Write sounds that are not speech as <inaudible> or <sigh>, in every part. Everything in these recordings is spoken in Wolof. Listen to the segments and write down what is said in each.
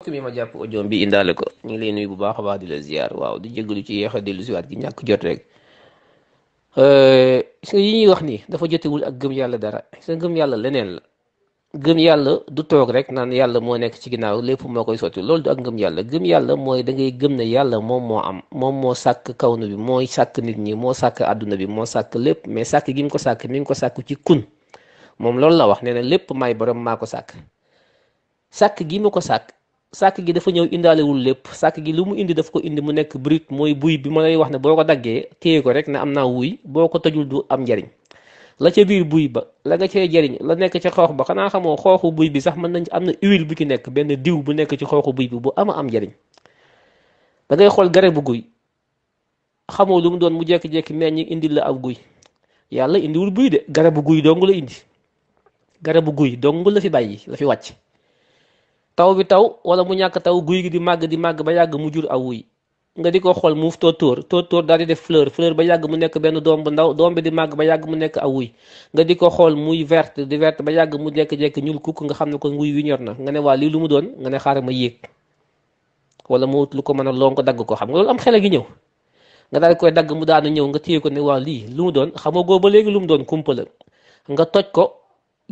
mbokk mi ma jàpp audio bi indaale ko ñu ngi lay nuyu bu baax a baax di waaw di jégalu ci yéex a dellu gi ñàkk jot rek euh, gis yi ñuy wax nii dafa jotewul ak gëm yàlla dara gis yàlla leneen la gëm yàlla du toog rek naan yàlla moo nekk ci ginnaaw lépp moo koy sotti loolu ak ngëm yàlla gëm yàlla mooy da gëm ne yàlla moom moo am moom moo sàkk kawnu bi mooy sàkk nit ñi moo sàkk àdduna bi moo sàkk lépp mais sàkk gi mu ko sàkk mi ngi ko sàkk ci kun moom loolu la wax nee na lépp may boroom maa ko sàkk sàkk gi mu ko sàkk sàkk gi dafa ñëw indaalewul lépp sàkk gi lu mu indi daf ko indi mu nekk brut mooy buy bi ma lay wax ne boo ko daggee téye ko rek ne am naa wuy boo ko tojul du am njariñ la ca biir buy ba la nga cee jariñ la nekk ci xoox ba xanaa xamoo xooxu buy bi sax mën nañ am na huile bu ci nekk benn diw bu nekk ci xooxu buy bi bu ama am njariñ da ngay xool garabu guy xamoo lu mu doon mu jékki-jékki meññ indil la ab guy yàlla indiwul buy de garabu guy dong la indi garabu guy dong la fi bàyyi la fi wàcc taw bi taw wala mu ñàkk taw guy gi di màgg di màgg ba yàgg mu jur aw wuy nga di ko xool muuf tóortóor tóortóor daal di def fleur fleur ba yàgg mu nekk benn doom bu ndaw doom bi di màgg ba yàgg mu nekk aw wuy nga di ko xool muy vert di verte ba yàgg mu nekk jekk ñuul kukk nga xam ne ko wuy wi ñor na nga ne waa lii lu mu doon nga ne xaaral ma yéeg wala mu wut lu ko mën a lon ko dagg ko xam nga loolu am xele gi ñëw nga daal koy dagg mu daanu ñëw nga téye ko ne waa lii lu mu doon xamoo góob ba léegi lu mu doon kumpa nga toj ko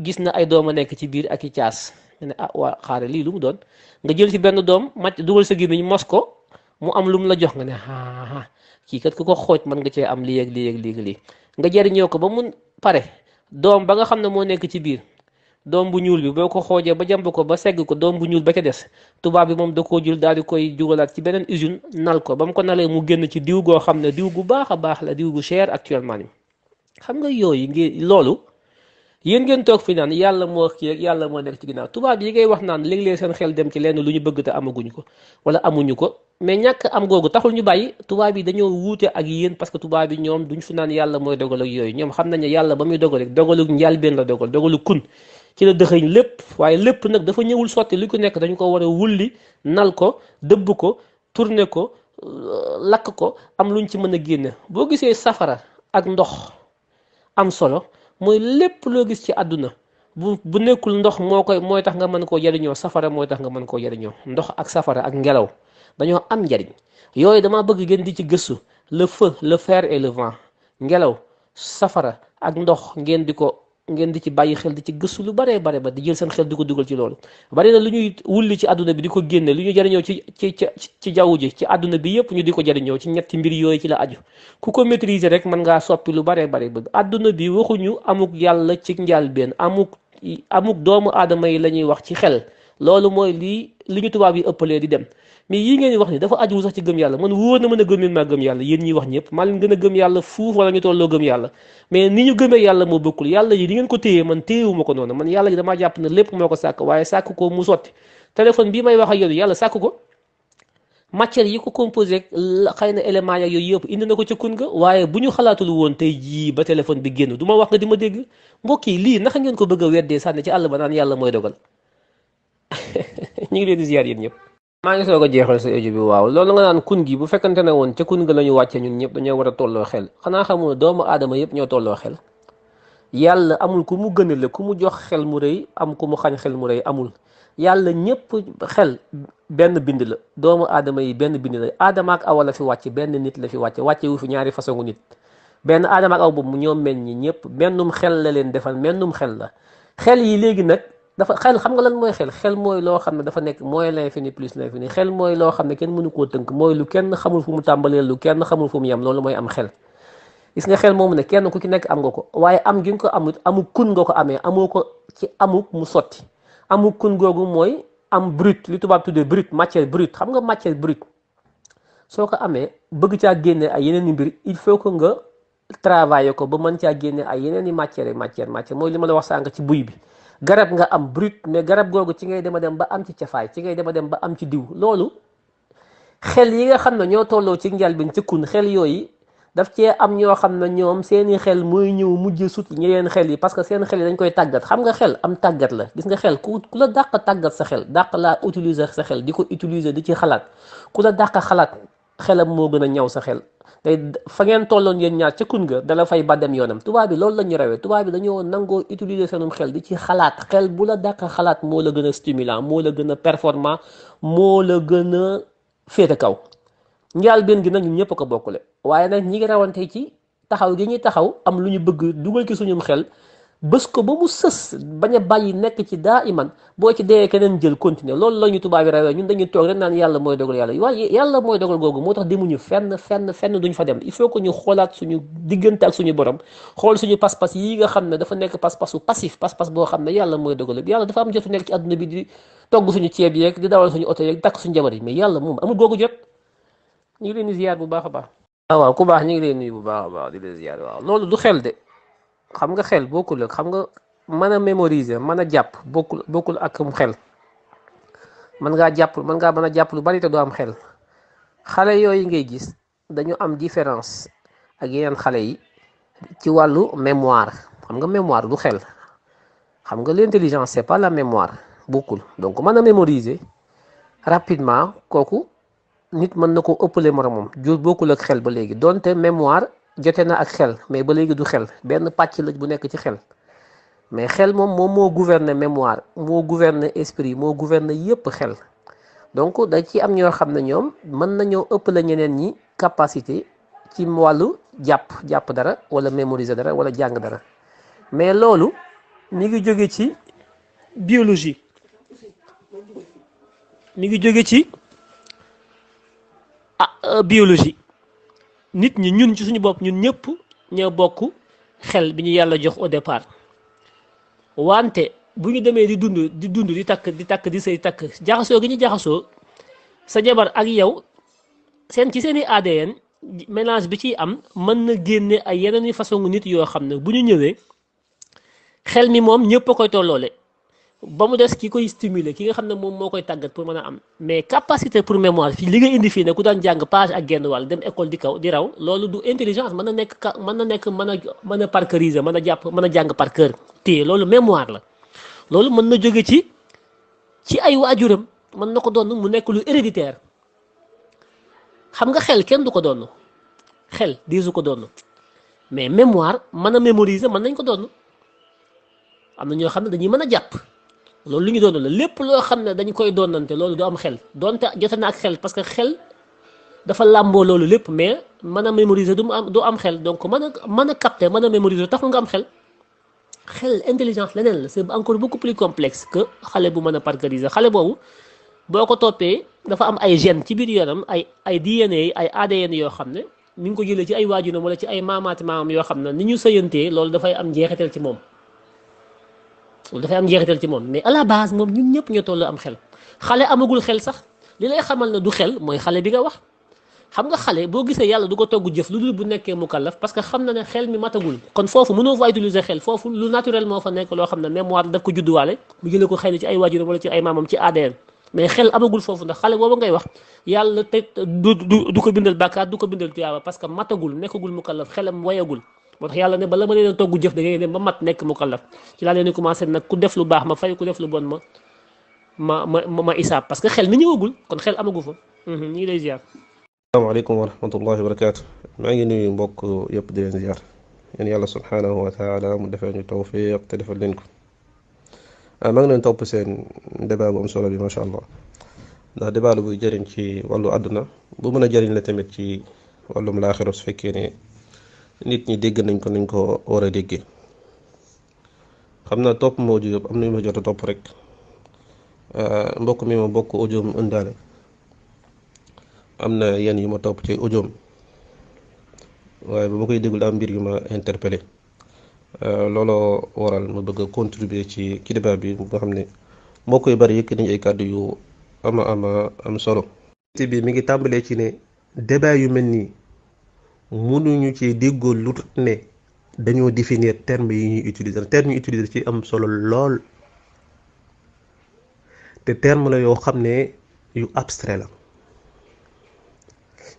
gis na ay doom a nekk ci biir ak i caas ne ah waa xaare lii lu mu doon nga jël ci benn doom màcc dugal sa gémmiñ mos ko mu am lu mu la jox nga ne aa kii kat ku ko xooj mën nga cee am lii ak lii ak lii ak nga jëriñoo ko ba mun pare doom ba nga xam ne moo nekk ci biir doom bu ñuul bi boo ko xoojee ba jàmb ko ba segg ko doom bu ñuul ba des tubaab bi moom da koo jël daal di koy jugalaat beneen usine nal ko ba mu ko nalee mu génn ci diw goo xam ne diw gu baax a baax la diw gu cher actuellement ni xam nga yooyu ngi loolu yéen ngeen toog fi naan yàlla moo kii yàlla moo nekk ci ginnaaw tubaab yi ngay wax naan léeg-léeg seen xel dem ci lenn lu ñu bëgg te amaguñ ko wala amuñu ko mais ñàkk am googu taxul ñu bàyyi tubaab yi dañoo wuute ak yéen parce que tubaab yi ñoom duñ fi naan yàlla mooy dogal yooyu ñoom xam nañ ne yàlla ba muy dogal rek dogalug njàlbeen la dogal dogalu kun ci la dëxëñ lépp waaye lépp nag dafa ñëwul sotti lu ko nekk dañu ko war a wulli nal ko dëbb ko tourné ko euh, lakk ko am luñ ci mën a génne boo gisee safara ak ndox am solo mooy lépp loo gis ci àdduna bu bu nekkul ndox moo koy mooy tax nga mën koo jariñoo safara mooy tax nga mën koo jariñoo ndox ak safara ak ngelaw dañoo am njariñ yooyu dama bëgg ngeen di ci gëstu le feu le fer ngelaw safara ak ndox ngeen di ko ngeen di ci bàyyi xel di ci gëstu lu baree bare ba di jël seen xel di ko dugal ci loolu bari na ñuy wulli ci bi di ko génne lu ñu jariñoo ci ci ci jaww ji ci àdduna bi yëpp ñu di ko jariñoo ci ñetti mbir yooyu ci la aju ku ko maîtriser rek mën ngaa soppi lu bare bare ba àdduna bi waxuñu amuk yàlla ci benn amuk amuk doomu aadama yi la ñuy wax ci xel loolu mooy lii li ñu tubaab yi ëppalee di dem mais yi ngeen wax ni dafa ajuwul sax ci gëm yàlla man wóor na mën a gëmmin gëm yàlla yéen ñuy wax ñëpp maa leen gën a gëm yàlla fuuf wala ñu tolloo gëm yàlla mais ni ñu gëmee yàlla moo bokkul yàlla ji di ko téye man téyewuma ko noonu man yàlla ji damaa jàpp ne ko sàkk waaye sàkk ko mu sotti téléphone bii may wax ak yow yàlla sàkk ko matière yi ko composé xëy na éléments ya yooyu yëpp indi na ko ca kun ga waaye bu ñu xalaatul woon tey jii ba téléphone bi génn du ma wax nga di ma dégg mbokk yi lii naka ngeen ko bëgg a weddee sànni ci àll ba naan yàlla mooy dogal <laughs> ñu ngi leen di ziar yéen ñëpp maa ngi soog a jeexal sa audio bi waaw loolu nga naan kun gi bu fekkante ne woon ca kun ga la ñu wàcce ñun ñëpp dañoo war a tolloo xel xanaa xamoo doomu aadama yëpp ñoo tolloo xel yàlla amul ku mu gënale ku mu jox xel mu rëy am ku mu xañ xel mu rëy amul yàlla ñëpp xel benn bind la doomu aadama yi benn bind la aadama ak awa la fi wàcce benn nit la fi wàcce wàcce wu fi ñaari façon nit benn aadama ak aw boobu ñoom mel ñëpp mennum xel la leen defal mennum xel la xel yi léegi nag dafa xel xam nga lan mooy xel xel mooy loo xam ne dafa nekk mooy l'infini plus l'infini xel mooy loo xam ne kenn mënu koo tënk mooy lu kenn xamul fu mu tàmbalee lu kenn xamul fu mu yem loolu mooy am xel gis nga xel moom ne kenn ku ci nekk am nga ko waaye am gi ko amut amu kun nga ko amee amoo ko ci amuk mu sotti amu kun googu mooy am brut li tubaab tuddee brut matière brute xam nga matière brute soo ko amee bëgg caa génne ay yeneen i mbir il faut que nga travailler ko ba mën caa génne ay yeneen i matière matière matière mooy li ma la wax sànq ci buy bi garab nga am brut mais garab googu ci ngay dema dem ba am ci cafaay ci ngay dema dem ba am ci diw loolu xel yi nga xam na ñoo tolloo ci njalbin ci kun xel yooyu daf cee am ñoo xam ne ñoom seeni xel mooy ñëw mujj sut ñeneen xel yi parce que seen xel yi dañ koy tàggat xam nga xel am tàggat la gis nga xel ku ku la dàq tàggat sa xel dàq laa utiliser sa xel di ko utiliser di ci xalaat ku la dàq xalaat xelam moo gën a ñaw sa xel day fa ngeen tolloon yéen ñaar ca kun ga dala fay ba dem yoonam tubaab bi loolu la ñu rawee tubaab bi dañoo nangoo utiliser seenum xel di ci xalaat xel bu la dàq xalaat moo la gën a stimulant moo la gën a performant moo la gën a féete kaw njaal benn gi nag ñun ñëpp ko bokkule waaye nag ñi ngi rawante ci taxaw gi ñu taxaw am lu ñu bëgg dugal ci suñum xel bés ko ba mu sës bañ a bàyyi nekk ci daa iman boo ci dee keneen jël continuer loolu la ñu tubaab yi rawee ñun dañuy toog rek naan yàlla mooy dogal yàlla waaye yàlla mooy dogal googu moo tax demuñu fenn fenn fenn duñ fa dem il faut que ñu xoolaat suñu diggante ak suñu borom xool suñu pas-pas yi nga xam ne dafa nekk pas-pasu passif pas-pas boo xam ne yàlla mooy dogal yàlla dafa am jot nekk ci àdduna bi di togg suñu ceeb yeeg di dawal suñu oto yeeg takk suñu jabar yi mais yàlla moom amul googu jot ñu ngi leen di ziar bu baax a baax ah waaw ku baax ñu ngi leen nuyu bu baax a baax di leen ziar waaw loolu du xel de xam nga xel bokkul ak xam nga mën a mémoriser mën a jàpp bokkul bokkul ak xel mën ngaa jàpp mën ngaa mën a jàpp lu bari te doo am xel xale yooyu ngay gis dañu am différence ak yeneen xale yi ci wàllu mémoire xam nga mémoire du xel xam nga l'intelligence c'est pas la mémoire bokkul donc mën a mémoriser rapidement kooku nit mën na ko ëppale moromam jur bokkul ak xel ba léegi donte mémoire jote na ak xel mais ba léegi du xel benn la bu ci mais xel mémoire moo esprit xel donc da ci am xam la ñeneen ñi capacité ci wàllu jàpp dara wala mémoriser dara wala mais loolu mi ngi biologie mi ngi ah, euh, biologie nit ñi ñun ci suñu bopp ñun ñëpp ñoo bokk xel bi ñu yàlla jox au départ wante bu ñu demee di dund di dund di takk di takk di sëy takk jaxasoo gi ñu jaxasoo sa jabar ak yow seen ci seeni ADN mélange bi ciy am mën na génne ay yeneen i façon nit yoo xam ne bu ñu ñëwee xel mi moom ñëpp a koy tolloole ba mu des ki koy stimuler ki nga xam ne moom moo koy tàggat pour mën a am mais capacité pour mémoire fii li nga indi fii ne ku daan jàng page ak genn wàll dem école di kaw di raw loolu du intelligence mën na nekk ka mën na nekk mën a mën a parkeuriser mën a jàpp mën a jàng par cœur téye loolu mémoire la loolu mën na jóge ci ci ay waajuram mën na ko doon mu nekk lu héréditaire xam nga xel kenn du ko doon xel diisu ko doon mais mémoire mën a mémoriser mën nañ ko doon am na ñoo xam ne dañuy mën a jàpp. loolu lu ñu doon la lépp loo xam ne dañ koy doonante loolu du am xel donte jote na ak xel parce que xel dafa làmboo loolu lépp mais mën a mémoriser du am du am xel donc mën a mën a capter mën a mémoriser taxul nga am xel xel intelligence leneen la c'est encore beaucoup plus complexe que xale bu mën a pargariser xale boobu boo ko toppee dafa am ay gènes ci biir yaram ay ay DNA ay ADN yoo xam ne ni ngi ko jëlee ci ay waajuram wala ci ay maamaati maamam yoo xam ne ni ñu sëyantee loolu dafay am njeexital ci moom dafay am njeexital ci moom mais à la base moom ñun ñëpp ñoo toll am xel xale amagul xel sax li lay xamal ne du xel mooy xale bi nga wax xam nga xale boo gisee yàlla du ko togg jëf lu dul bu nekkee mu kallaf parce que xam na ne xel mi matagul kon foofu mënoo fa utiliser xel foofu lu naturel moo fa nekk loo xam ne mémoire daf ko judduwaale mu jëlee ko xel ci ay waajur wala ci ay maamam ci ADN mais xel amagul foofu ndax xale boobu ngay wax yàlla te du du ko bindal bàkkaar du ko bindal tuyaaba parce que matagul nekkagul mu kallaf xelam wayagul motax yàlla ne ba lama leen togu togg jëf da ngay dem ba mat nek mukallaf ci la leen commencé nak ku def lu bax ma fay ku def lu bon ma ma ma ma isaab parce que xel mi ñëwagul kon xel amagu fa hmm ñi lay ziar. assalamu alaykum wa rahmatullahi wa barakatuh ma ngi nuyu mbokk yëpp di leen ziar yéen yàlla subhanahu wa taala mu defal ñu tawfiq te defal leen ko ma ngi leen top seen débat bu am solo bi ma sha allah ndax débat lu bu jëriñ ci walu aduna bu mëna a jëriñ la tamit ci walum laaxira su fekkee ne. nit ñi dégg nañ ko nañ ko war a déggee xam naa topp ma audio yëpp am na ma jot a topp rek euh, mbokk mi ma bokk audio mu ëndaale am na yenn yu ma topp ci audio waaye ba ma koy déglu daa mbir yu ma interpellé euh, looloo waral ma bëgg a contribuer ci ki débat bi nga xam ne mbokk yu bari yëkk nañ ay kàddu yu ama ama am solo. bi mi ngi tàmbalee ci ne débat yu mel nii. ñu ci déggoo lu ne dañoo définir terme yi ñuy utiliser terme yi utiliser ci am solo lool te terme la yoo xam ne yu abstrait la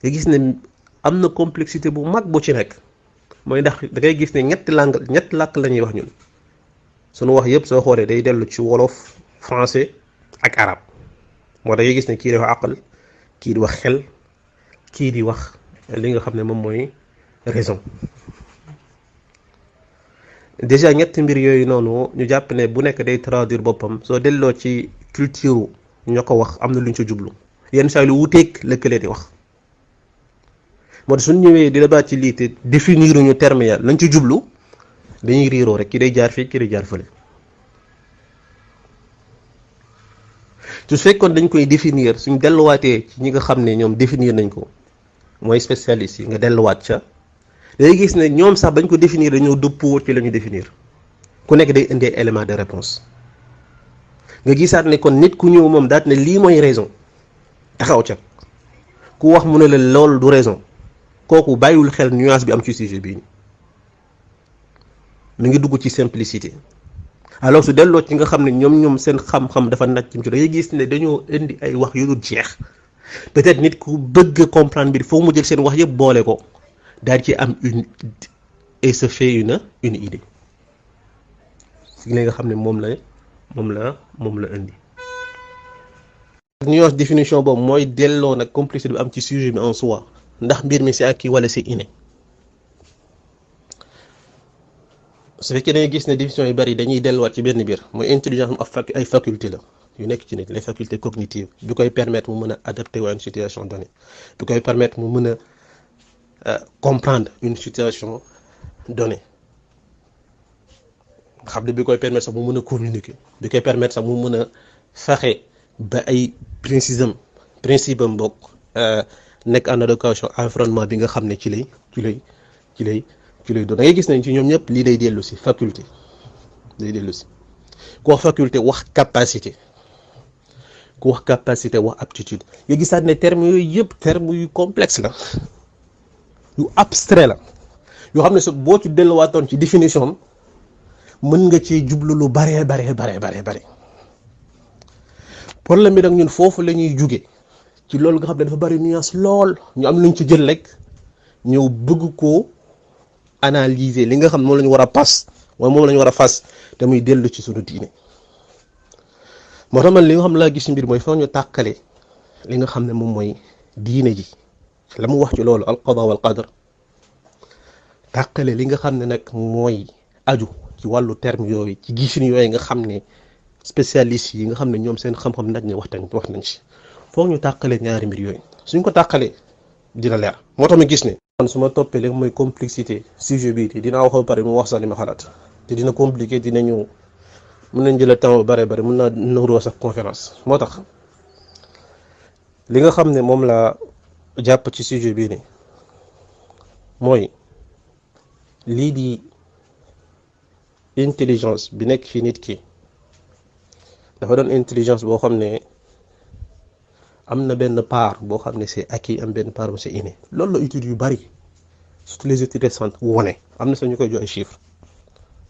nga gis ne am na complexité bu mag bu ci nekk mooy ndax dangay gis ne ñetti làng ñetti làkk la wax ñun sunu wax yëpp soo xoolee day dellu ci wolof français ak arab moo da gis ne kii di wax kii di wax xel kii di wax li nga xam ne moom mooy raison déjà ñetti mbir yooyu noonu ñu jàpp ne bu nekk day traduire boppam soo delloo ci culture ñoo ko wax am na lu ñu ci jublu yenn saa lu wuteeg lëkkale di wax moo tax suñ ñëwee di dabaat ci lii te définir ñu terme ya lañ ci jublu dañuy riiroo rek ki day jaar fii ki day jaar fële su fekkoon dañ koy définir suñ delluwaatee ci ñi nga xam ne ñoom définir nañ ko moy spécialiste yi nga wat ca day gis ne ñom sax bañ ko définir dañoo dëppoo ci lañu définir ku nekk day indi élément de réponse nga gisat ne kon nit ku ñëw mom daat ne li moy raison taxaw ca ku wax mu ne la loolu du raison koku bàyyiwul xel nuance bi am ci sujet bi mi ngi dugg ci simplicité alors su delloo ci nga xam ne ñom ñoom seen xam-xam dafa nacc ci da ngay gis ne dañu indi ay wax yu dul jeex peut-être nit ku bëgg comprendre mbir foo mu jël seen wax yëpp boole ko daal ci am une et se fait une une idée si li nga xam ne moom la moom la moom la indi. nuance définition boobu mooy delloo nag complicité bi am ci sujet bi en soi ndax mbir mi c'est acquis wala c'est inné su fekkee dañuy gis ne définition yu bari dañuy delluwaat ci benn biir mooy intelligence am ay faculté la. yu nekk ci nit les facultés cognitives du koy permettre mu mën a adapter wa une situation donnée du koy permettre mu mën a euh, comprendre une situation donnée xam ne bi koy permettre sax mu mën a communiquer bi koy permettre sax mu mën a fexe ba ay principe principe am bokk euh, nekk en adéquation environnement bi nga xam ne ci lay ci lay ci lay ci lay doon da ngay gis nañ ci ñoom ñëpp lii day dellu si faculté day dellu si ku faculté wax capacité ku wax capacité wax aptitude nga gisaat ne terme yooyu yëpp terme yu complexe la yu abstrait la yoo xam ne sa boo ci delluwaatoon ci définition am mën nga ci jublu lu baree baree baree baree bare problème bi nag ñun foofu la ñuy jugee ci loolu nga xam ne dafa bari nuance lool ñu am luñ ci jël rek ñëw bëgg koo analyser li nga xam ne moom la ñu war a pass wala moom lañu ñu war a fas te muy dellu ci suñu diine. moo tax man li nga xam laa gis ci mbir mooy faaw ñu tàkkale li nga xam ne moom mooy diine ji la mu wax ci loolu al qada wal qadar tàkkale li nga xam ne nag mooy aju ci wàllu terme yooyu ci gisin yooyu nga xam ne spécialiste yi nga xam ne ñoom seen xam-xam nag ne waxtaan wax nañ ci foog ñu tàkkale ñaari mbir yooyu suñ ko tàkkalee dina leer moo tax ma gis ne man su ma toppee li mooy complexité sujet bii te dinaa wax ba pare mu wax sax li ma xalaat te dina compliqué dinañu mën nañ jël temps bu bare bare mën naa nuroo sax conférence moo tax li nga xam ne moom laa jàpp ci sujet bii nii mooy lii di intelligence bi nekk fi nit ki dafa doon intelligence boo xam ne am na benn part boo xam ne c'est acquis am benn part bu c'est inné loolu la études yu bari surtout les études récentes wone am na sax ñu koy jox chiffre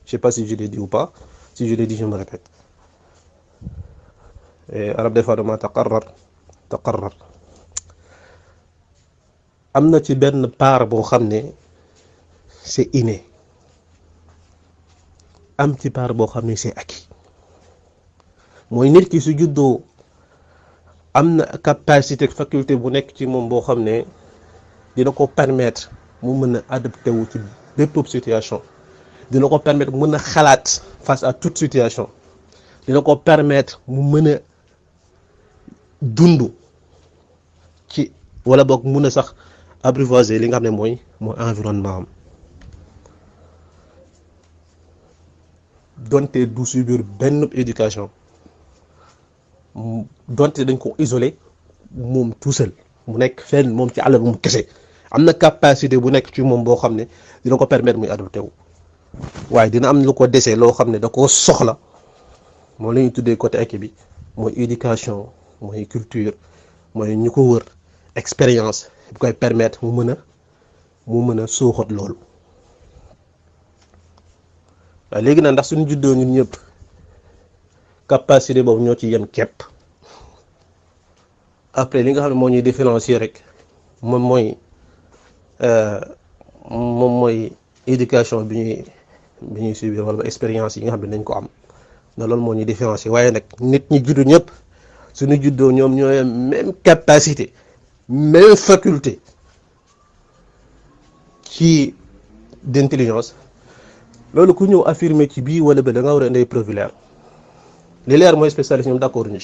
je sais pas si je l'ai dit ou pas si je l'ai dit, je me répète. Et arabe des fois dama taqarrar taqarrar am na ci ben part bo xamné c'est inné am ci part bo xamné c'est acquis moy nit ki su juddoo amna na capacité faculté bu nek ci mom bo xamné ne dina ko permettre mu meuna adapter wu ci bépp situation dina ko permettre mën a xalaat face à toute situation dina ko permettre mu mën a dund ci wala boog mun a sax apprivoiser li nga xam ne mooy environnement am donte du subir benn éducation donte dañ ko isolé moom tout seul mu nekk fenn moom ci àll bu mu kese am na capacité bu nekk ci moom boo xam ne permettre muy adopté waaye dina am lu ko desee loo xam ne da koo soxla moom la ñu tuddee côté équipe bi mooy éducation mooy culture mooy ñu ko wër expérience bu koy permettre mu mën a mu mën a suuxat loolu waaye léegi nag ndax suñu juddoo ñun ñëpp capacité boobu ñoo ci yem képp après li nga xam ne moo ñuy différencier rek moom mooy euh, moom mooy éducation bi ñuy bi ñuy subir wala expérience yi nga xam ne nañ ko am na loolu moo ñu différencier waaye nag nit ñi juddu ñëpp suñu juddoo ñoom ñooy même capacité même faculté ci d'intelligence loolu ku ñëw affirmé ci bii wala ba da nga war a indi preuve leer li leer mooy spécialiste ñoom d'accord ñu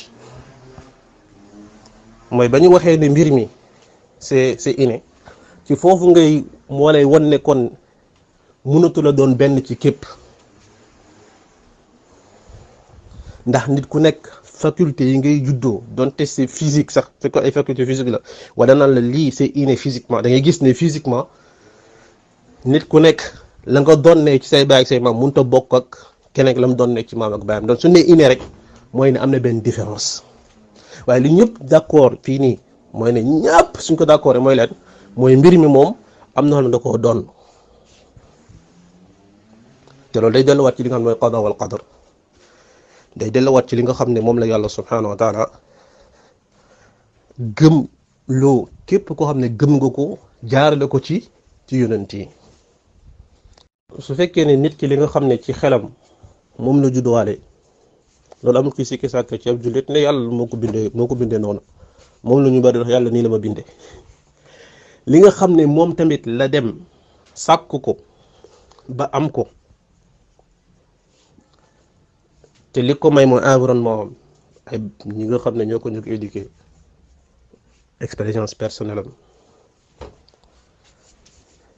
mooy ba ñu waxee ni mbir mi c'est c'est inné ci foofu ngay moo lay won ne mënatu la doon benn ci képp ndax nit ku nekk faculté yi ngay juddoo donte c'est physique sax ko ay faculté physique la wala naan la lii c'est inné physiquement da ngay gis ne physiquement nit ku nekk la nga doon ne ci say baay ak say maam mënut a bokk ak keneen la mu doon ne ci maam ak baayam donc su ne inné rek mooy ne am na benn différence waaye li ñëpp d'accord fii nii mooy ne ñàpp suñ ko d'accord mooy leen mooy mbir mi moom am na xam ne da te loolu day delluwaat ci li nga xam ne mooy qada wal qadar day delluwaat ci li nga xam ne moom la yàlla subhanahu wa taala gëm loo képp koo xam ne gëm nga ko jaarale ko ci ci yonent yi su fekkee ne nit ki li nga xam ne ci xelam moom la judduwaale loolu amul kii sikki sàkk ci ab jullit ne yàlla moo ko bindee moo ko bindee noonu moom la ñu bari wax yàlla nii la ma bindee li nga xam ne moom tamit la dem sàkk ko ba am ko te li ko may mo environnement ay ñi nga xamné ñoko ñoo ko ñu ko expérience personnelle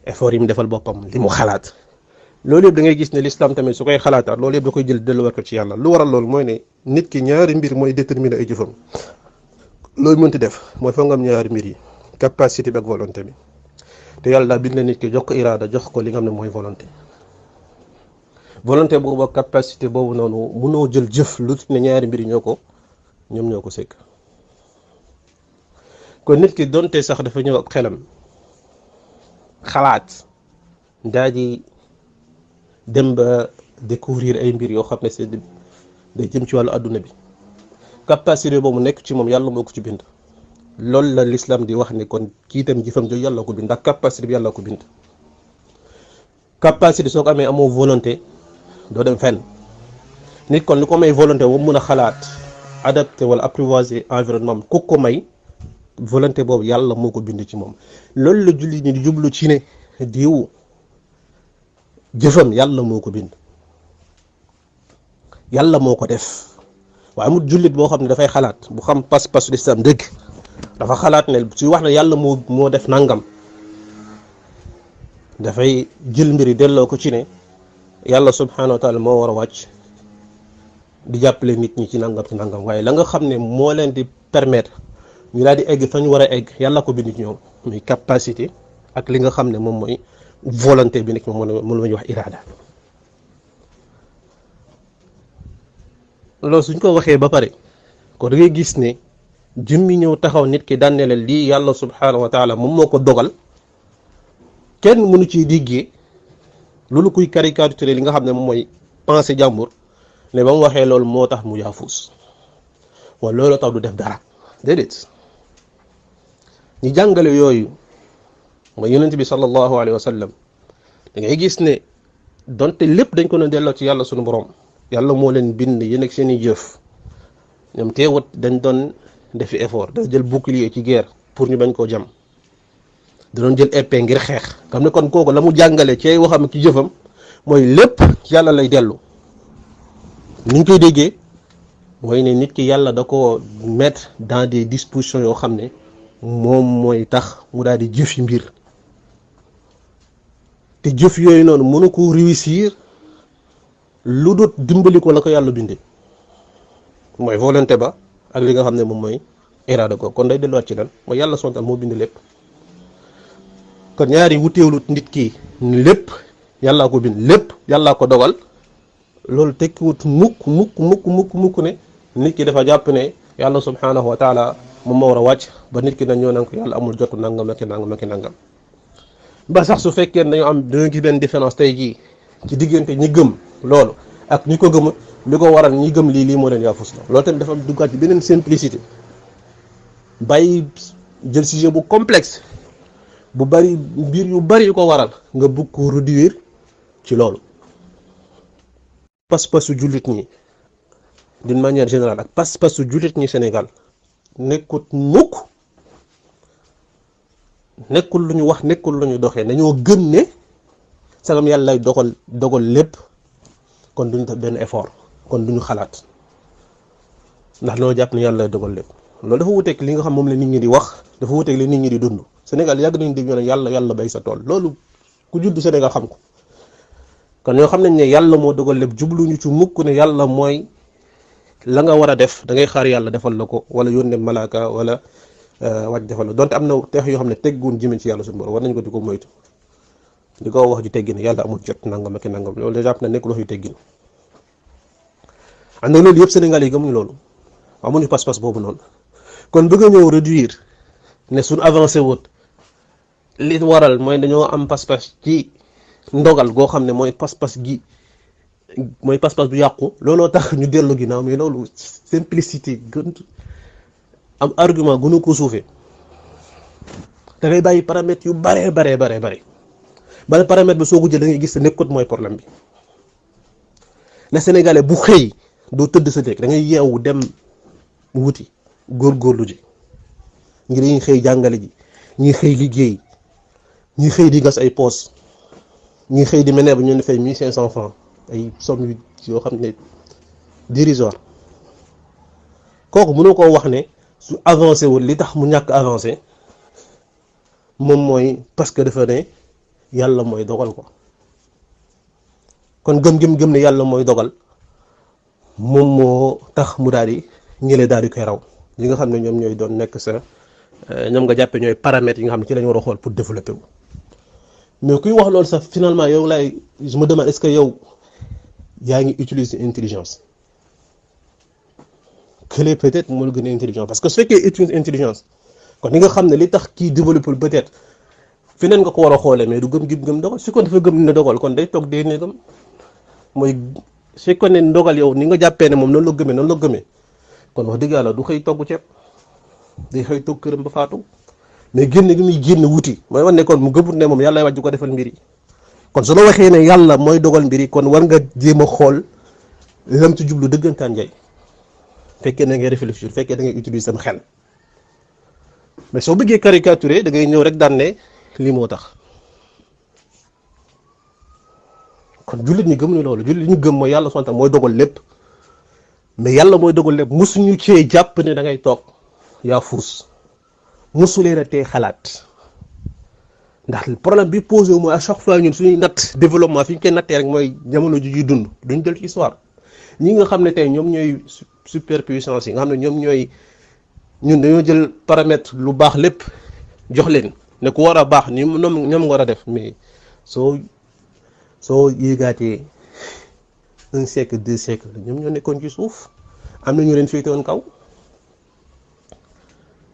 effort yi mu defal bopam li mu xalaat loolu yëpp da ngay gis ne l'islam tamit su koy xalaataat loolu yëpp da koy jël war ko ci yàlla lu waral loolu mooy ne nit ki ñaari mbir mooy déterminer ay jëfam loolu mënti def mooy foog nga am ñaari mbir yi capacité bi ak volonté bi te yàlla daal bind na nit ki jox ko irada jox ko li nga xam ne mooy volonté volonté boobu ak capacité boobu noonu mënoo jël jëf lu ne ñaari mbir ñoo ko ñoom ñoo ko sëkk kon nit ki donte sax dafa ñëw ak xelam xalaat daa ji dem ba découvrir ay mbir yoo xam ne c'est day jëm ci wàllu adduna bi capacité boobu nekk ci moom yàlla moo ko ci bind loolu la l'islam di wax ne kon kii tam jëfam jooju yàlla ko bind ndax capacité bi yàlla ko bind capacité soo ko amee amoo volonté doo dem fenn nit kon li ko may volonté boobu mun a xalaat adapté wala apprivoiser environnement ku ko may volonté boobu yàlla moo ko bind ci moom loolu la jullit ñi di jublu ci ne diw jëfam yàlla moo ko bind yàlla moo ko def waaye amul jullit boo xam ne dafay xalaat bu xam pas-pasu lislaam dëgg dafa xalaat ne suy wax ne yàlla moo moo def nangam dafay jël mbiri delloo ko ci ne yàlla subhanahu wa taala moo war a wàcc di jàppale nit ñi ci nangam ci nangam waaye la nga xam ne leen di permettre ñu daal di egg fa ñu egg yàlla ko bind ñoom muy capacité ak li nga xam ne moom mooy volonté bi nekk moom moom la wax iraada loolu suñ ko waxee ba pare kon da ngay gis ne jëmmi ñëw taxaw nit ki daan ne la yàlla subhanahu wa taala moom moo dogal kenn mënu ciy diggee loolu kuy caricaturé li nga xam ne moom mooy pensée jàmbur ne ba mu waxee loolu moo tax mu yaafuus wala loolu tax du def dara déedéet ñi jàngale yooyu ma yonent bi sallallahu alayhi wa sallam da ngay gis ne donte lépp dañ ko doon delloo ci yàlla suñu borom yàlla moo leen bind yéen ak seen i jëf ñoom teewut dañ doon defi effort dafa jël bouclier ci guerre pour ñu bañ koo jam danoon jël épée ngir xeex xam ne kon kooku la mu jàngale ci waxam ci jëfam mooy lépp yàlla lay dellu ni koy déggee mooy ne nit ki yàlla da ko mettre dans des dispositions yoo xam ne moom mooy tax mu daal di jëf jëfi mbir te jëf yooyu noonu mënu ko réussir lu dut dimbali ko la ko yàlla bindee mooy volonté ba ak li nga xam ne moom mooy iraada ko kon day delluwaat ci lan mooy yàlla sontal moo bind lépp kon ñaari wuteewlut nit ki lépp yàllaa ko bind lépp yàllaa ko dogal loolu tekkiwut mukk mukk mukk mukk mukk ne nit ki dafa jàpp ne yàlla subhaanahu wa taala moom moo war a wàcc ba nit ki na ñoo nang ko yàlla amul jotu nangam ak nangam ak nangam ba sax su fekkee dañu am dañoo gis benn différence tey jii ci diggante ñi gëm loolu ak ñi ko gëmut li ko waral ñi gëm lii lii moo leen yaafus la loolu tamit dafa duggaat ci beneen simplicité bàyyi jël sujet bu complexe bu bari mbir yu bari ko waral nga bu ko réduire ci lolu pas passu julit ni d'une manière générale ak pas passu julit ni Sénégal nekut mukk nekul luñu wax nekul luñu doxé dañu gënné salam yalla lay dogal dogal lepp kon duñu def ben effort kon duñu xalat ndax loo japp ni yalla lay dogal lepp loolu dafa wuteeg li nga xam mom la nit ñi di wax dafa wuteeg li nit ñi di dund Sénégal yàgg nañu dégg ñu yàlla yàlla bay sa tool loolu ku judd Sénégal xam ko kon ñoo xam nañ ne yàlla moo dogal lépp ñu ci mukk ne yàlla mooy la nga war a def da ngay xaar yàlla defal la ko wala yónnee malaaka wala euh, wàcc defal la donte am na teex yoo xam ne tegguun jëmin ci yàlla suñu borom war nañ ko di ko moytu di ko wax ju teggin yàlla amul jot nangam ak nangam loolu jàpp na nekk loo yu teggin ànd ak loolu yëpp Sénégal yi gëmuñu loolu amuñu pas boobu noonu kon a ñëw réduire ne suñu li waral mooy dañoo am pas-pas ci ndogal goo xam ne mooy pas-pas gi mooy pas-pas bu yàqu looloo tax ñu dellu ginnaaw mais loolu simplicité gën am argument gënu ko suufee da ngay bàyyi paramètres yu bare bare bare bare bala paramètre bi soo ko jël da ngay gis sa nekkut mooy problème bi na sénégalais bu xëy doo tëdd sa néeg da ngay yeewu dem wuti góor góorlu ji ngir ñuy xëy jàngale ji ñuy xëy liggéey ñuy xëy di gas ay poos ñuy xëy di menee ba ñu ne fay mille cinq cent francs ay somme yoo xam ne dérisoire kooku mënoo ko wax ne su avancé wul li tax mu ñàkk avancé moom mooy parce que dafa ne yàlla mooy dogal ko kon gëm gëm gëm ne yàlla mooy dogal moom moo tax mu daal di ñële daal di koy raw li nga xam ne ñoom ñooy doon nekk sa eh, ñoom nga jàppe ñooy paramètres yi nga xam ne ci lañu war xool pour développer wu mais kuy wax lool sax finalement yow lay je me demande est-ce que yow yaa ngi utiliser intelligence kële peut-être moo gën a intelligent parce que su fekkee utilise intelligence kon ni nga xam ne li tax kii développé peut-être feneen nga ko war a xoolee mais du gëm gib gëm dogal su ko dafa gëm ne dogal kon day toog day ne gëm mooy su ko ne ndogal yow ni nga jàppee ne moom noonu la gëmee noonu la gëmee kon wax dëgg yàlla du xëy togg ceeb day xëy togg këram ba faatu. mais génn gi muy génn wuti mooy wan ne kon mu gëmut ne moom yàlla wàcc ko defal mbir yi kon su la waxee ne yàlla mooy dogal mbir yi kon war nga jéem a xool lam ci jublu dëggantaan njay fekkee da ngay réfléchir fekkee da ngay utiliser sam xel mais soo bëggee caricaturer da ngay ñëw rek daan ne lii moo tax kon jullit ñi gëm ni loolu jullit ñu gëm mooy yàlla tam mooy dogal lépp mais yàlla mooy dogal lépp musuñu cee jàpp ne da ngay toog yaa fuus mosuleen a tey xalaat ndax problème bi posé wu mooy à chaque fois ñun suñuy natt développement fi ñu koy nattee rek mooy jamono ji ñuy dund duñ jël ci histoire ñi nga xam ne tey ñoom ñooy superpuissance yi nga xam ne ñoom ñooy ñun dañoo jël paramètre lu baax lépp jox leen ne ku war a baax ni ñoom ñoom nga war a def mais soo soo yéegaatee un siècle deux siècles ñoom ñoo nekkoon ci suuf am na ñu leen féetewoon kaw.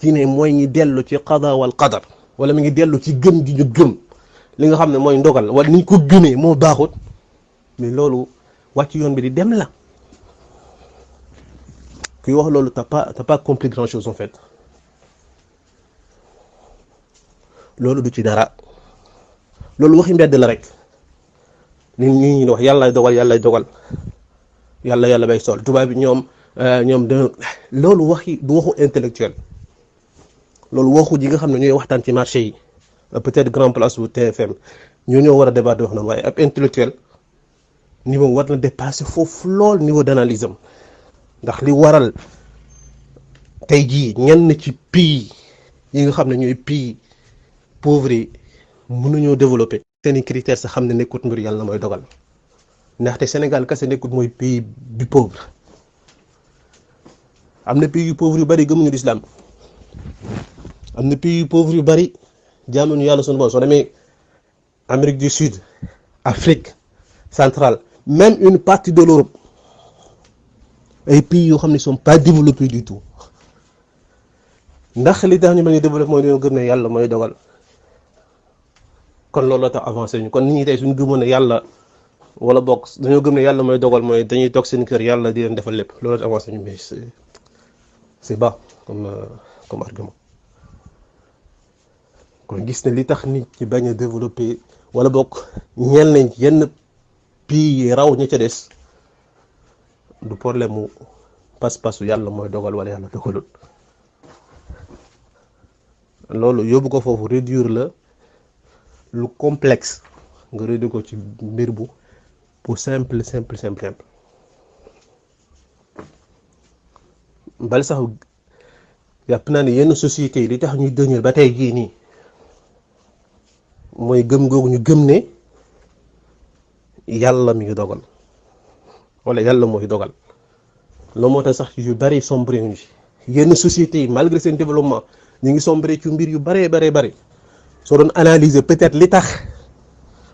ci ne mooy ñi dellu ci qada wal qadar wala mi ngi dellu ci gëm gi ñu gëm li nga xam ne mooy ndogal wala ni ñu ko gëmee moo baaxut mais loolu wàcc yoon bi di dem la kuy wax loolu t'as pas t'as pas compris grand chose en fait loolu du ci dara loolu waxi mbedd la rek nit ñi ñu wax yàlla dogal yàlla dogal yàlla yàlla bay sol tubaab bi ñoom ñoom dañoo loolu waxi du waxu intellectuel loolu waxu ji nga xam ne ñooy waxtaan ci marché yi peut-être grand place bu TFM ñoo ñoo war a débat di wax noonu waaye ab intellectuel niveau war na dépasser foofu lool niveau d'analyse am ndax li waral tey jii ñenn ci pii yi nga xam ne ñooy pays pauvres yi mënuñoo développer. seen i critères sa xam ne nekkut mbir yàlla mooy dogal ndaxte Sénégal kese nekkut mooy pays bi pauvre am na pays yu pauvre yu bari gëmuñu l'islam am na pays yu pauvre yu bari jaamu ñu yàlla suñu bopp soo demee Amérique du Sud Afrique centrale même une partie de l'Europe ay pays yoo xam ne sont pas développés du tout ndax li tax ñu mën a développé mooy dañoo gëm ne yàlla mooy dogal kon loolu la tax avancé ñu kon nit ñi tey suñu gëmoon ne yàlla wala bokk dañoo gëm ne yàlla mooy dogal mooy dañuy toog seen kër yàlla di leen defal lépp loolu la tax avancé ñu mais c'est bas comme euh, comme argument. Les gis ne li tax développé wala bokk ñel nañ yenn pays yi raw ña des du problème pas-pasu yàlla mooy dogal wala ko réduire le complexe nga réduire ko ci pour simple simple simple simple bal sax yàpp naa ne li tax moy gëm googu ñu gëm ne yalla mi ngi dogal wala yalla moy dogal lo moo tax sax yu bari sombre ñu ci yenn société yi malgré sen développement ñi ngi sombre ci mbir yu bari bari bari so doon analyser peut-être li tax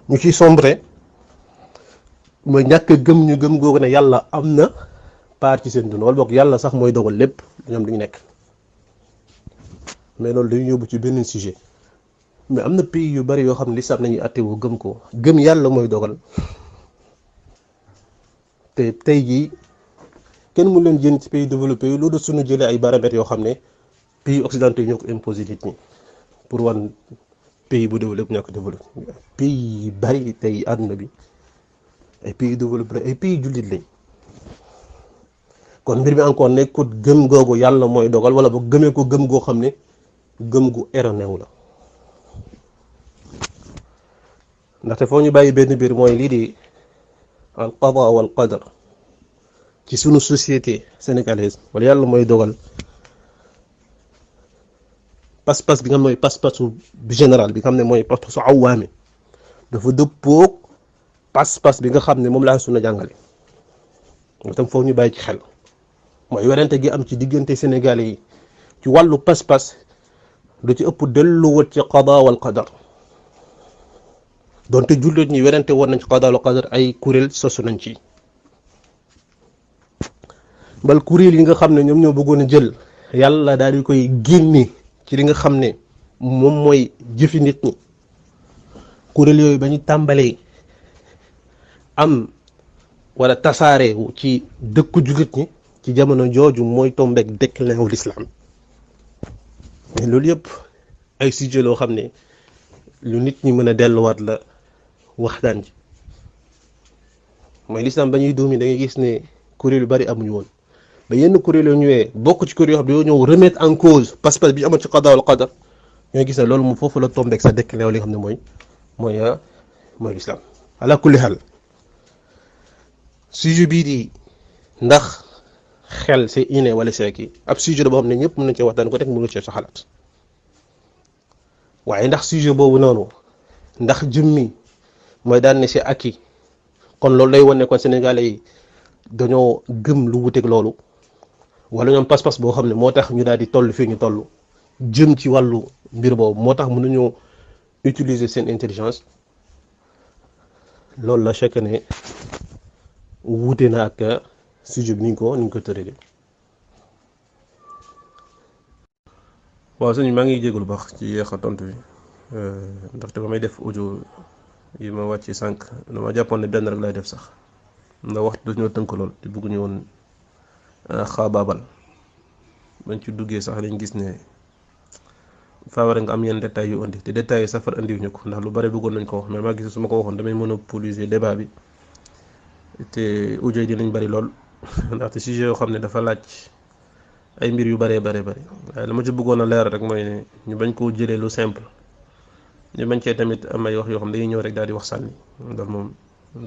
ñu ci sombre moy ñak gëm ñu gëm googu ne yalla amna na part ci seen dund wala boog yalla sax moy dogal lepp ñom duñu ñu nekk mais lolou dañu yóbbu ci benn sujet. mais am na pays yu bari yoo xam ne lislaam nañuy àttewoo gëm ko gëm yàlla mooy dogal te tey jii kenn mu leen jënd ci pays développé yi loolu suñu jëlee ay baromètres yoo xam ne pays occidentaux yi ñoo ko imposé nit ñi pour wan pays bu développé bu ko développé pays yi bari tey àdduna bi ay yu pays développé ay pays jullit lañ kon mbir mi encore nekkut gëm googu yàlla mooy dogal wala ba gëmee ko gëm goo xam ne gëm gu erroné wu la. ndaxte foo ñu bàyyi benn biir mooy lii di al qada wal qadar ci sunu société sénégalaise wala yàlla mooy dogal pas-pas bi nga xam ne mooy pas-pasu général bi nga xam ne mooy pas-pasu awaami dafa dëppoog pas-pas bi nga xam ne moom laa suna jàngale moo tam foofu ñu bàyyi ci xel mooy werante gi am ci diggante sénégalais yi ci wàllu pas-pas lu ci ëpp delluwat ci qada wal qadar donte jullit ñi werante woon nañ ci qadaalu qadar ay kuréel sosu nañ ci bal kuréel yi nga xam ne ñoom ñoo bëggoon a jël yàlla daal di koy génne ci li nga xam ne moom mooy jëfi nit ñi kuréel yooyu ba ñu tàmbalee am wala tasaare ci dëkku jullit ñi ci jamono jooju mooy tombeek déclin wu l'islam loolu yëpp ay sujet loo xam ne lu nit ñi mën a delluwaat la waxtaan ji mooy lislaam ba ñuy duumi da ngay gis ne kuréel yu bari amuñu woon ba yenn kuréel yoo ñëwee bokk ci kuréel yoo xam dañoo ñëw remettre en cause pas-pas bi ñu amoon ci qadaa wal qadar ñooy gis ne loolu mu foofu la tombé ak sa décliné li nga xam ne mooy mooy mooy lislaam ala kulli xaal sujet bii di ndax xel c'est inné wala c'est acquis ab sujet la boo xam ne ñëpp mën nañ cee waxtaan ko rek mën nga cee sa xalaat waaye ndax sujet boobu noonu ndax jëmmi mooy daan ne c'est acquis kon loolu lay wane kon Sénégalais yi dañoo gëm lu wuteeg loolu wala ñoom pas-pas boo xam ne moo tax ñu daal di toll fii ñu tollu jëm ci wàllu mbir boobu moo tax mënuñoo utiliser seen intelligence loolu la chaque année wuute na ak sujet bi ni ko ni ñu ko tëralee. waaw sëñ maa ngi lu baax ci yéex a tontu bi euh, ndaxte ba may def audio. yi ma wàcc sànq dama jàppoon ne benn rek lay def sax ndax waxtu dañoo tënk lool te bugguñu woon euh, xaabaabal bañ ci duggee sax dañ gis ne faaware nga am yenn détails yu indi te détails yi safar indiwuñu ko ndax lu bari bëggoon nañ ko wax mais maa gis su ma ko waxoon damay monopoliser débat bi te audio dinañ bari lool <laughs> ndaxte sujet yoo xam ne dafa laaj ay mbir yu baree bare bari waaye la ci bëggoon a leer rek mooy ñu bañ koo jëlee lu simple ñu mañ cee tamit am wax yoo xam dañuy ñëw rek daal di wax sànni loolu moom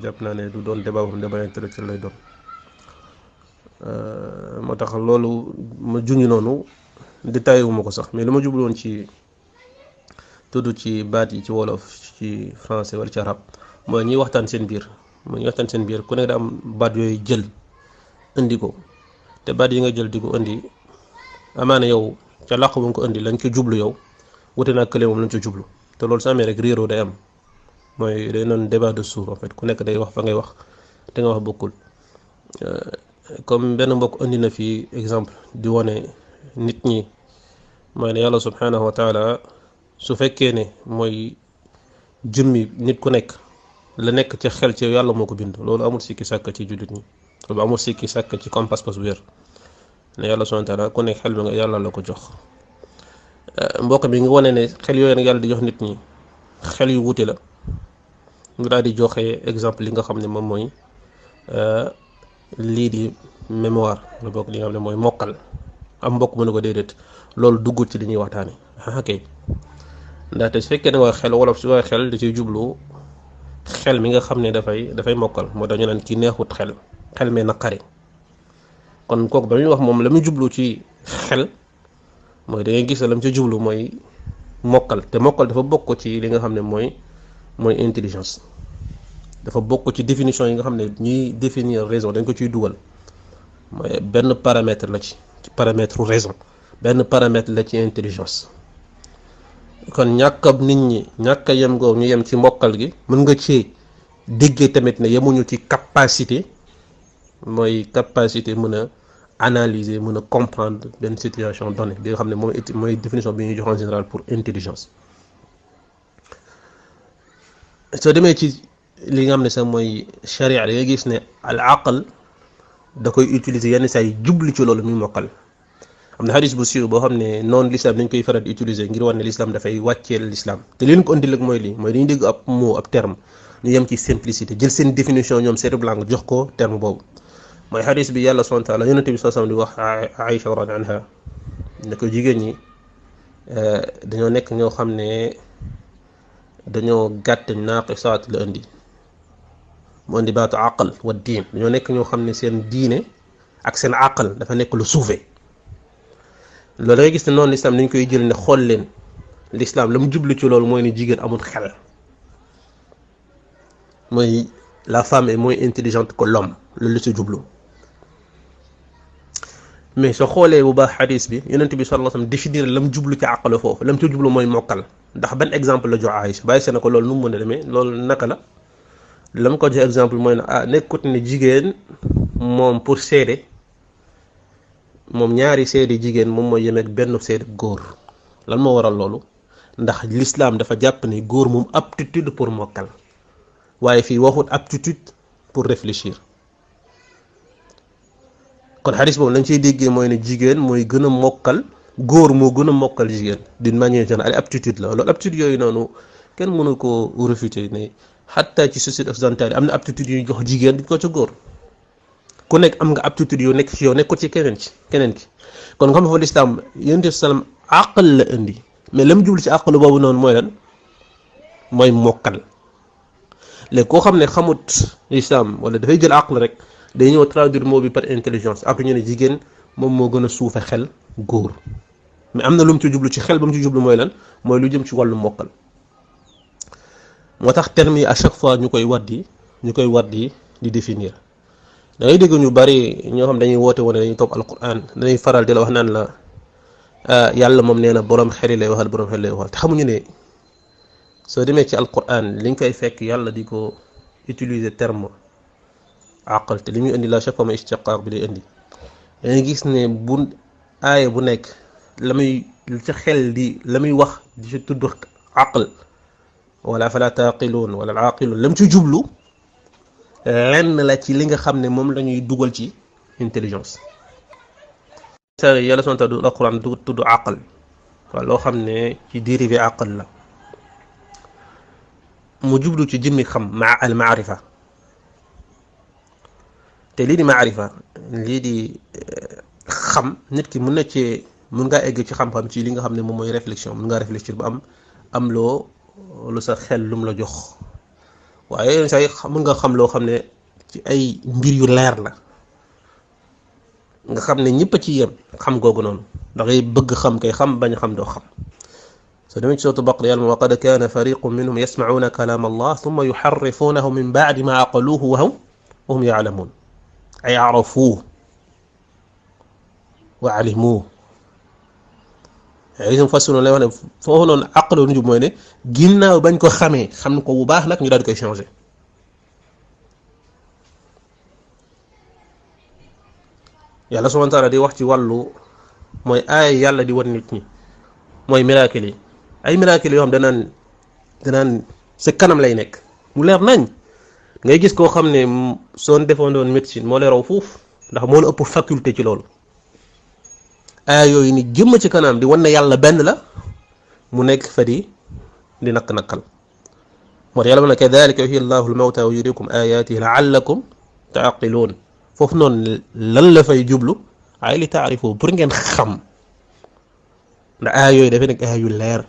jàpp naa ne du doon débat boo xam débat lay doon euh, tax loolu ma junj noonu détaillé wu ko sax mais li ma jubloon ci tudd ci baat yi ci wolof ci français wala ci arab ñuy waxtaan seen biir mooy ñuy seen biir ku nekk da am baat yooyu jël indi ko te baat yi nga jël di ko indi amaana yow ca làq bu ko indi lañ ko jublu yow wute naa kële moom lañ ko jublu. te loolu su amee rek réeroo day am mooy day doon débat de sourds en fait ku nekk day wax fa ngay wax te nga wax bokkul euh, comme benn mbokk indi na fii exemple di wane nit ñi mooy ne yàlla subhanahu wa taala su fekkee ne mooy jëmmi nit ku nekk la nekk ci xel ci yàlla moo ko bind loolu amul sikki sàkk ci jullit ñi loolu ci compas pas bu wér ne yàlla subhanahu wa taala ku nekk xel bi nga yàlla la ko jox mbokk mi nga wane ne xel yooyu nag yàlla di jox nit ñi xel yu wuute la nga daal di joxe exemple li nga xam ne moom mooy lii di mémoire bokk li nga ne mooy mokkal am mbokk mu ne ko déedéet loolu duggut ci li ñuy waxtaane ah kay ndaxte su fekkee da nga wax xel wolof su waxee xel da ciy jublu xel mi nga xam ne dafay dafay mokkal moo tax ñu naan kii neexut xel xel mee naqari kon kooku ba muy wax moom la muy jublu ci xel. mooy da ngay gis mu ca jublu mooy mokkal te mokkal dafa bokk ko ci li nga xam ne mooy mooy intelligence dafa bokk ci définition yi nga xam ne ñuy définir raison dañ ko ciy dugal mooy benn paramètre la ci ci paramètre raison benn paramètre la ci intelligence kon ñàkk nit ñi ñàkk a yem googu ñu yem ci mokkal gi mën nga ci déggee tamit ne yemuñu ci capacité mooy capacité mën a analyser mën a comprendre benn situation donnée bi nga xam ne moom mooy définition bi ñuy jox en général pour intelligence soo demee ci li nga xam ne sax mooy charia da gis ne al aql da koy utiliser yenn saa yi jublu ci loolu muy mokkal am na xadis bu siiw boo xam ne noonu l'islam dañ koy faral di utiliser ngir wane ne l'islam dafay wàcceel l'islam te li ñu ko indil ak mooy lii mooy dañuy dégg ab mot ab terme ñu yem ci simplicité jël seen définition ñoom céréblanc jox ko terme boobu mooy xadis bi yàlla subhaanahu wa taala yonent bi sallallahu alayhi wa sallam di wax Aïcha radiyallahu anha ne ko jigéen ñi eh, dañoo nekk ñoo xam ne dañoo gàtt naaqisaat la indi mu indi baatu àqal wa diin dañoo nekk ñoo xam ne seen diine ak seen àqal dafa nekk lu suufe loolu dangay gis ne noonu lislaam dañ koy jël ne xool leen lislaam la mu jublu ci loolu mooy ne jigéen amul xel la femme est moins intelligente ko l'homme loolu la si jublu mais soo xoolee bu baax xadis bi yonent bi sallallahu alayhi wa sallam définir la mu jublu ci àqala foofu la mu ci jublu mooy mokkal ndax ban exemple la jox Aïcha bàyyi seen ko loolu nu mu mën a demee loolu naka la la mu ko jox exemple mooy ne ah nekkut ne jigéen moom pour seede moom ñaari seede jigéen moom mooy yem ak benn seede góor lan moo waral loolu ndax l'islam dafa jàpp ni góor moom aptitude pour mokkal. waaye fii waxut aptitude pour réfléchir kon xadis boobu lañ ciy déggee mooy ne jigéen mooy gën a mokkal góor moo gën a mokkal jigéen d'une manière générale aptitude la loolu aptitude yooyu noonu kenn mënu ko réfuter ne xatta ci société occidentale am na aptitude yu jox jigéen di ko ca góor ku nekk am nga aptitude yu nekk ci yow nekk ci keneen ci keneen ki kon nga xam fa lislaam yonent bi salaam àqal la indi mais lam jublu ci àqalu boobu noonu mooy lan mooy mokkal les ko xamné ne xamut lislaam wala dafay jël àql rek day ñëw traduire mot bi par intelligence ak ñu ne jigen mom mo gëna a xel góor mais amna lu mu ci jublu ci xel ba mu ci jublu moy lan moy lu jëm ci walu mokal motax terme yi à chaque fois ñukoy waddi ñukoy waddi di définir da ngay dégg ñu bari ño xam dañuy woté wane dañuy top alquran dañuy faral di la wax nan la yàlla mom nee borom xéri lay waxal borom xéri lay waxal te xamu ñu ne so demee ci alquran li nga koy fekk yàlla diko utiliser terme aqal te li andi la chaque fois ma istiqar bi lay andi dañ gis ne bu aaya bu nek lamuy ci xel di lamuy wax di ci tuddu aqal wala fala taqilun wala alaqil lam ci jublu lenn la ci li nga xamne mom lañuy duggal ci intelligence sa yàlla sonta du alquran du tuddu aqal wa lo xamne ci dérivé aqal la موجب لو تجيني خم مع المعرفة تليدي معرفة ليدي آه، خم نبتي منا شيء من غا إيجي خم بام شيء لينغ خم نمو يرفع لشيء من غا يرفع لشيء بام أم لو لو سر خل لوم لو جخ وعي نسي من غا خم لو خم أي مبيريو لير لا nga xamne ñepp ci yëm xam gogu non da ngay bëgg xam kay xam bañ xam do xam فلم يشوط بقر وقد كان فريق منهم يسمعون كلام الله ثم يحرفونه من بعد ما عقلوه وهم هم يعلمون أي عرفوه وعلموه يعني هم فسروا له فهون عقل نجوم وين جينا وبن كو خامي خامن كو وباخ نك نيراد كاي شانجي يالا سبحانه وتعالى دي واخ سي والو موي اي يالا دي وون نيت ني موي ميراكل ay miracle yoo danaan sa kanam lay nekk mu leer nañ ngay gis koo xam ne soon defoondoon médecine moo lay raw foofu ndax moo la ëpp faculté ci loolu aaya yooyu ni jëmm ci kanam di wan ne yàlla benn la mu nekk fa di nakk-nakkal moo tax yàlla mu ne kadalika yuhyi llahu wa yurikum ayatihi laallakum taaqiluun foofu noonu la fay jublu ay ngeen xam ndax aaya yooyu dafay nekk aaya leer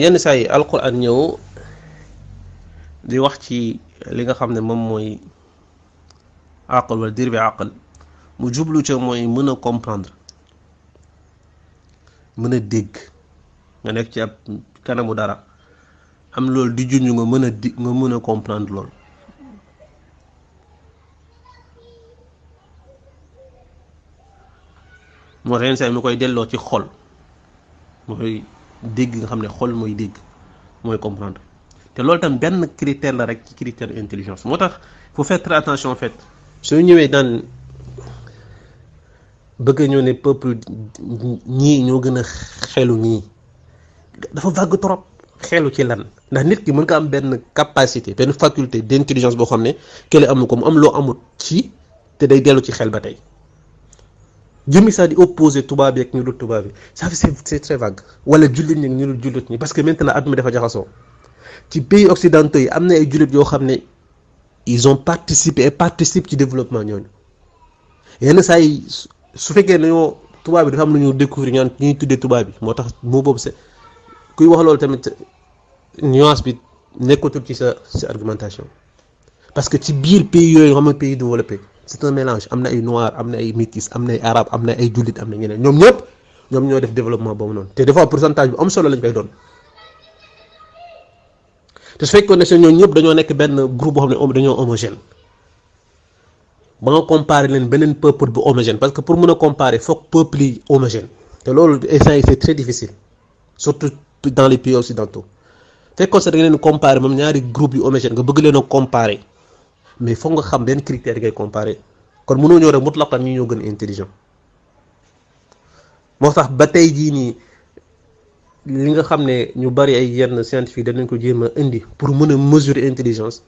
yenn saa yi alquran ñëw di wax ci li nga xam ne moom mooy àqal wala dir bi àqal mu jublu ca mooy mën a comprendre mën a dégg nga nekk ci ab kanamu dara am loolu di junj nga mën a di nga mën a comprendre loolu moo tax yenn saa mu koy delloo ci xol mu koy dégg nga xam ne xol mooy dégg mooy comprendre te loolu tam benn critère la rek ci critère intelligence moo tax faut faire très attention en fait soo ñëwee daan bëgg ñoo ne peuple ñii ñoo gën a xelu ñii dafa vague trop xelu ci lan ndax nit ki mën nga am benn capacité benn faculté d' intelligence boo xam ne kële am ko mu am loo amut ci te day dellu ci xel ba tey jëmmi saa di opposé tout yi avec ñu dul tubaab yi ça c'est très vague wala jullit ñi ak ñu dul ni parce que maintenant at mi dafa jaxasoo ci pays occidentaux yi am na ay jullit ils ont participé et participent du développement ñooñu yenn ça ils souffrent que dañoo tout yi dafa am lu ñu découvrir ñaan ñuy tuddee tubaab yi Moi tax moo boobu sa kuy wax loolu tamit nuance bi nekkatul ci sa sa argumentation parce que ci biir pays yooyu nga xam ne pays développé c'est un mélange am na ay noir am na ay métis am na ay arabe am na ay jullit am na ñeneen ñoom ñëpp ñoom ñoo def développement boobu non té des fois pourcentage bu am solo lañ koy doon te su fekkoon ne si ñep ñëpp dañoo nekk benn groupe bo xamné homogènes. dañoo homogène ba nga comparer leen benen peuple bu homogène parce que pour mën comparer faut peuple yi homogène té loolu essai c'est très difficile surtout dans les pays occidentaux fekkoon sax da comparer, leen comparer mom ñaari groupe yu homogène nga bëgg leen comparer mais faut nga xam un critère ngay comparé kon nous nous rek mutlaqan ñu ñoo gën intelligent moo tax ba tey jii nii li nga xam ne ñu bari ay yenn scientifique danañ ko jéem indi pour mesurer l'intelligence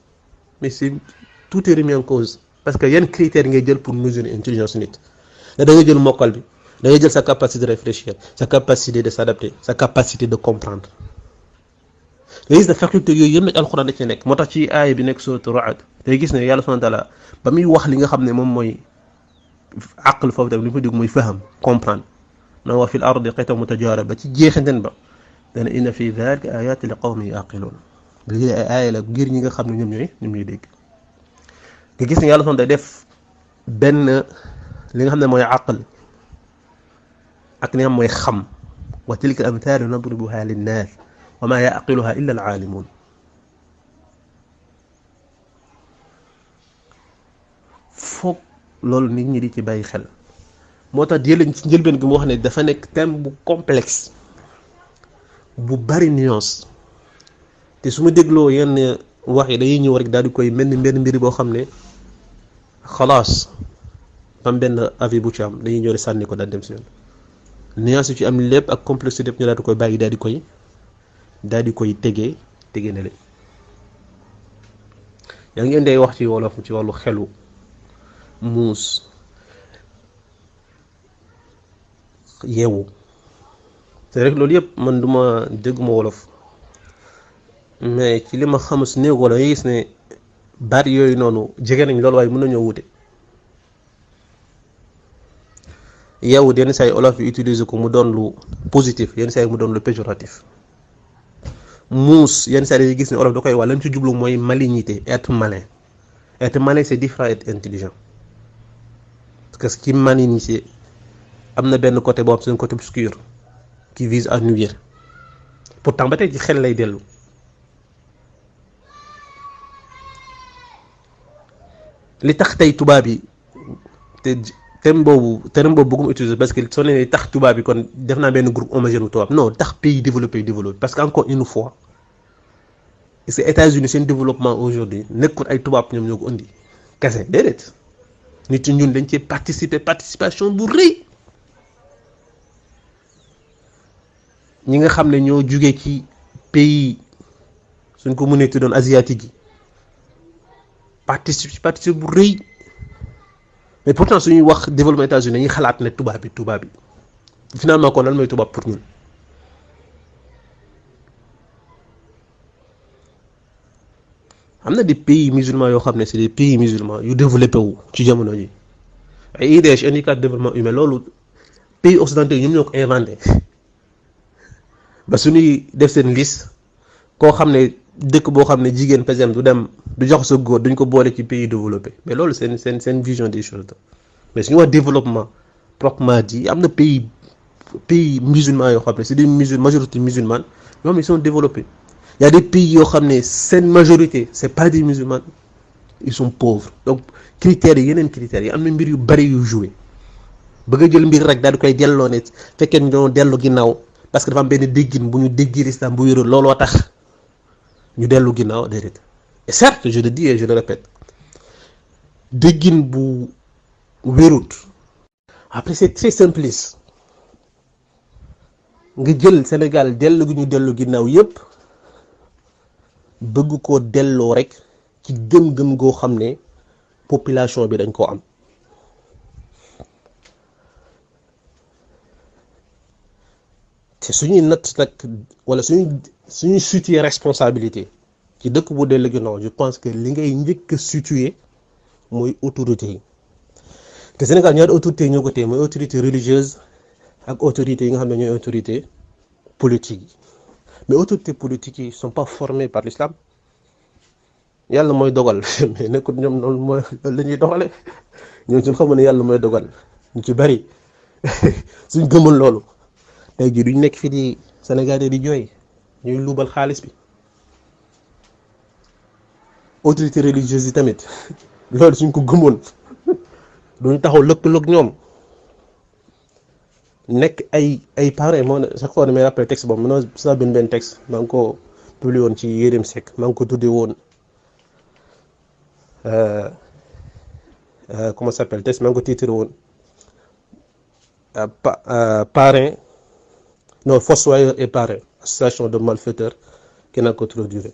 mais c'est tout est remis en cause parce que un critère ngay jël pour mesurer intelligence nit da nga jël mokkal bi da nga jël sa capacité de réfléchir sa capacité de s'adapter sa capacité de comprendre ليس دا فاكولتي يوي يم القران لا نيك موتا شي اي بي نيك سوره رعد داي غيس ني يالله سبحانه وتعالى بامي واخ ليغا خا مني موم موي عقل فوف دا لي فدي موي فهم كومبران نو في الارض قيت متجاربة تي جيخنتن با دان ان في ذلك ايات لقوم يعقلون لي اي لا غير نيغا خا مني نيم نيي نيم نيي ديك دي غيس ني يالله سبحانه وتعالى ديف بن ليغا خا مني عقل اك ني خم وتلك الامثال نضربها للناس وما يعقلها إلا العالمون فوق لول نيت ني دي باي خيل موتا ديال نجيل بن مو خني دا فا نيك تيم بو كومبلكس بو باري نيونس تي سوما ديغلو يين واخي داي نيو رك دادي كوي ملني مير مير بو خامني خلاص بام بن افي بو تيام داي نيو ساني كو دا ديم سيون نيانس تي ام ليب اك كومبلكس ديب نيو دادي كوي باغي دادي كوي daal di koy tegee tege na le yaa ngi indee wax ci wolof ci wàllu xelu muus yeewu te rek loolu yëpp man duma dégguma wolof mais ci li ma xam su néeg wala gis ne baat yooyu noonu jege nañ loolu waaye mën nañoo wute yeewu yenn saa yi olof yi utiliser ko mu doon lu positif yenn saa yi mu doon lu péjoratif mous yenn saa yi gis ne olof da koy wax lan ci jublu mooy malignité être malin être malin c'est différent être intelligent parce que ci malignité am na benn côté boo xam un côté obscur qui vise à nuire pourtant ba tey ci xel lay dellu li tax tey tubaab te terme boobu terme utiliser parce que soo tax tubaab bi kon defna ben groupe homogène bu non tax pays développé développé parce que encore une fois c'est États-Unis un développement aujourd'hui nekout ay tubaab ñom ñoko andi indi kese nit ñun dañ ci participer participation bu rëy ñi nga xamné ne ñoo jugee ci pays suñ ko mënee tuddoon asiatique yi participer participer bu rëy. mais pourtant ñuy wax développement États-Unis dañuy xalaat ne tubaab bi tubaab bi finalement kon lan mooy tubaab pour ñun am na des pays musulmans yoo xam ne si des pays musulmans yu développé wu ci jamono ji ay IDH indicateur de développement humain loolu pays occidentaux yi ñoom ñoo ko inventé ba suñuy def seen liste koo xam ne dëkk boo xam ne jigéen par exemple du dem. du jox sa goor duñ ko boole ci pays développé mais loolu seen seen seen vision des choses la mais suñu wax développement proprement dit am na pays pays musulmans yoo xam ne c'est des musulmans majorité musulmane ñoom ils sont développés il y a des pays yoo xam ne seen majorité c'est pas des musulmans ils sont pauvres donc critères yi yeneen critères yi am na mbir yu bari yu joué bëgg a jël mbir rek daal di koy delloo ne fekkee ñu dellu ginnaaw parce que dafa am benn déggin bu ñu déggi lislam bu wéeru looloo tax ñu dellu ginnaaw déedéet certes, je le dis et je le répète, déggin bu wérut après c'est très simpliste nga jël Sénégal dellu le ñu dellu ginnaw yépp bëgg ko dello rek ci gëm-gëm go xamné population bi dañ ko am té suñu une nak wala suñu suñu responsabilité ci bu je pense que li ngay situé autorité Sénégal ñaari autorité autorité religieuse autorité autorité politique mais autorités politiques ne sont pas formés par l'islam yàlla mooy dogal <laughs> mais nekkul ñoom ne la ñuy doxale ñoom suñ ne dogal ñu ci bari <laughs> suñ di di ñuy autorité religieuse yi tamit <laughs> loolu suñ ko gëmoon <laughs> duñ taxaw lëkkaloog ñoom nekk ay ay chaque fois texte texte publié comment s'appelle texte euh, euh, non et parrain association de malfaiteurs qui n'a que trop duré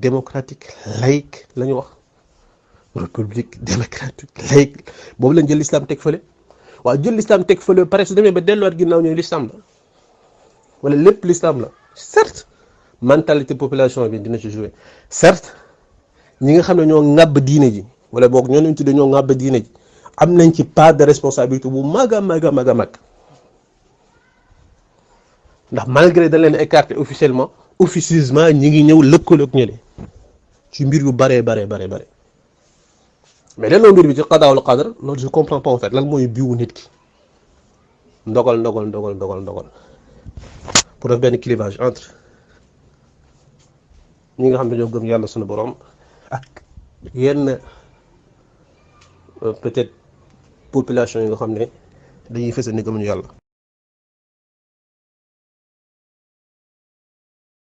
démocratique laïque la république démocratique laïque bobu jël l'islam teg wa jël l'islam que su ba l'islam la wala l'islam certes mentalité population bi dina ci jouer certes ñi nga xamné ñoo ngab diiné ji wala ñoo ñu de responsabilité bu maga malgré dañ leen officiellement officieusement ñi ngi ñëw lëkkaloog ñele ci mbir yu bare bare bare bare mais delloo mbir bi ci xadaawul qadar loolu je comprends pas en fait lan moy biwu nit ki ndogal ndogal ndogal ndogal ndogal pour def ben clivage entre ñi nga xam ne gëm yalla sunu borom ak yenn euh, peut-être population yi nga xam ne dañuy fës a ni gëmuñu yalla